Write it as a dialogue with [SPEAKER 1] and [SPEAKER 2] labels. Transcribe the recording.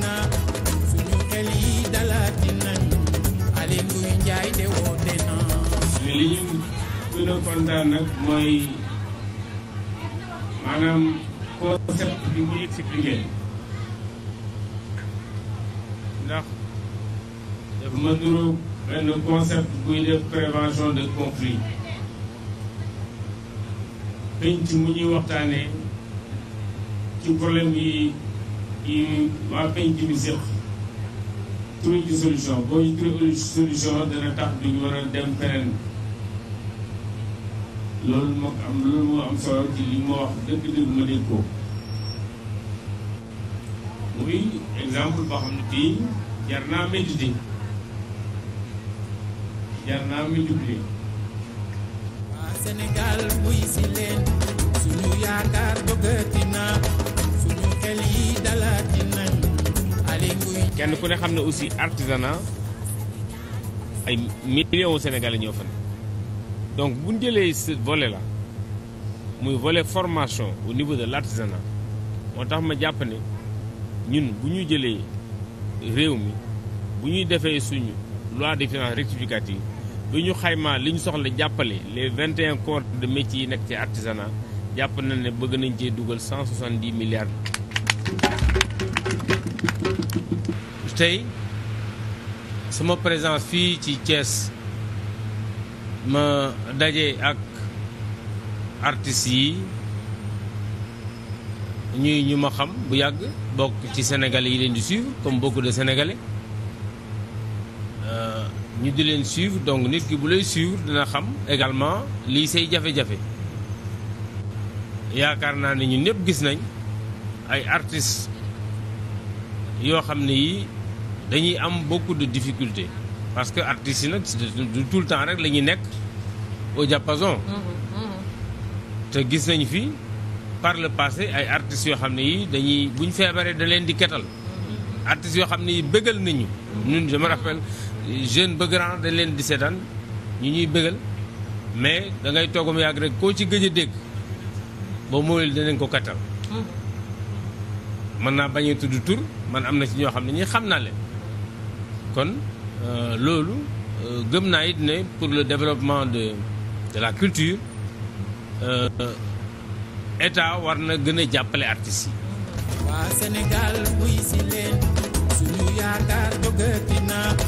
[SPEAKER 1] naa suñu xel yi dalaati nañu Aly Ngouille Ndiaye de woote na li ñu gën a kontaan nag mooy maanaam
[SPEAKER 2] concept bi muy expliqué ndax daf ma nuru benn concept buy def prévention de conflit penc mu ñuy waxtaanee ci problème yi yi waa penc bi séq trouver solution boo ñu solution dana tax duñu war a dem feneen loolu moo am loolu moo am solo ci li ma wax dëgg-dëgg ma dégg ko muy exemple boo xam ne bii jar naa méditer jar naa multiplier
[SPEAKER 1] waa Sénégal buy si leen suñu yaakaar bëggati naa
[SPEAKER 2] kenn ku ne xam ne aussi artisanat ay millions wu ñoo fa ne donc bu jëlee ce volet la muy vole formation au niveau de l' artisanat moo tax ma jàpp ne ñun bu ñu jëlee réew mi bu ñuy defee suñu loi de finances rectificative bu ñu xaymaa li ñu soxla jàppale les vingt et un de métiers yi nekk ci artisanat jàpp na ne bëgg nañ cee dugal cent soixante dix milliards. tey sama présence fii ci Thiès ma daje ak artistes yi ñuy ñu ma xam bu yàgg bokk ci sénégalais yi leen di suivre comme beaucoup de sénégalais euh, ñu di leen suivre donc nit ki bu lay suivre dina xam également lii say jafe-jafe yaakaar naa ne ñu ñëpp gis nañ. ay artistes yoo xam ne yi dañuy am beaucoup de difficultés parce que artistes yi nag du tout le temps rek la nekk au diapason. Mm-hmm, mm-hmm. te gis nañ fi par le passé ay artistes yoo xam ne yii dañuy bu ñu feebaree da leen di ketal mm-hmm. artistes yoo xam ne yi bëggal nañu. ñun je me rappelle jeune ba grand dañ leen di seetaan ñu ñuy bëggal mais da ngay toogam yàgg rek koo ci gëj a dégg ba mooy danañ ko ketal. mën naa bañ a tudd tur man am na ci ñoo xam ne ñi xam naa leen kon euh, loolu euh, gëm naa it ne pour le développement de de la culture euh, état war na gën a jàppale artistes yi.
[SPEAKER 1] waa Sénégal wuy si leen suñu yaakaar dogati na